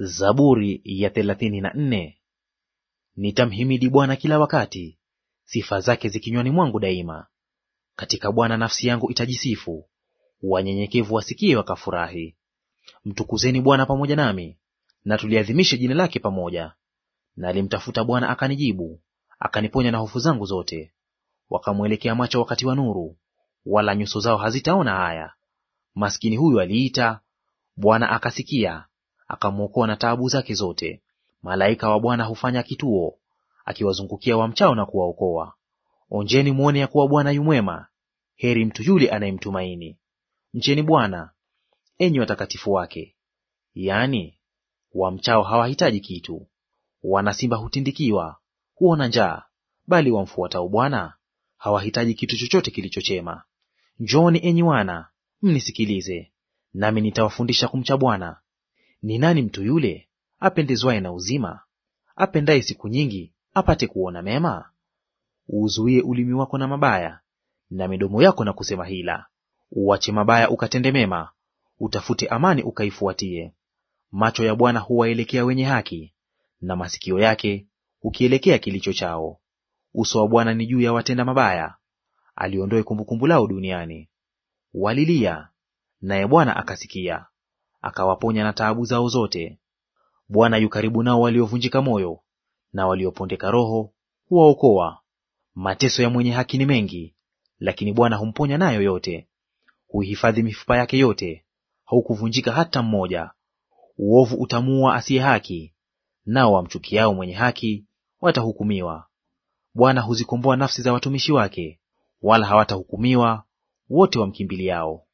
Zaburi ya thelathini na nne. Nitamhimidi Bwana kila wakati, sifa zake zikinywani mwangu daima. Katika Bwana nafsi yangu itajisifu, wanyenyekevu wasikie wakafurahi. Mtukuzeni Bwana pamoja nami, na tuliadhimishe jina lake pamoja. Nalimtafuta Bwana akanijibu, akaniponya na hofu zangu zote. Wakamwelekea macho wakati wa nuru, wala nyuso zao hazitaona haya. Maskini huyu aliita, Bwana akasikia akamwokoa na taabu zake zote. Malaika wa Bwana hufanya kituo akiwazungukia wamchao na kuwaokoa. Onjeni mwone ya kuwa Bwana yu mwema, heri mtu yule anayemtumaini. Mcheni Bwana, enyi watakatifu wake, yaani wamchao hawahitaji kitu. Wana simba hutindikiwa, huona njaa, bali wamfuatao Bwana hawahitaji kitu chochote kilichochema njoni Njooni enyi wana, mnisikilize, nami nitawafundisha kumcha Bwana. Ni nani mtu yule apendezwaye na uzima, apendaye siku nyingi apate kuona mema? Uuzuie ulimi wako na mabaya, na midomo yako na kusema hila. Uache mabaya ukatende mema, utafute amani ukaifuatie. Macho ya Bwana huwaelekea wenye haki, na masikio yake hukielekea kilicho chao. Uso wa Bwana ni juu ya watenda mabaya, aliondoe kumbukumbu lao duniani. Walilia, naye Bwana akasikia, akawaponya na taabu zao zote. Bwana yu karibu nao waliovunjika moyo, na waliopondeka roho huwaokoa. Mateso ya mwenye haki ni mengi, lakini Bwana humponya nayo yote. Huihifadhi mifupa yake yote, haukuvunjika hata mmoja. Uovu utamuua asiye haki, nao wamchukiao mwenye haki watahukumiwa. Bwana huzikomboa nafsi za watumishi wake, wala hawatahukumiwa wote wamkimbiliao.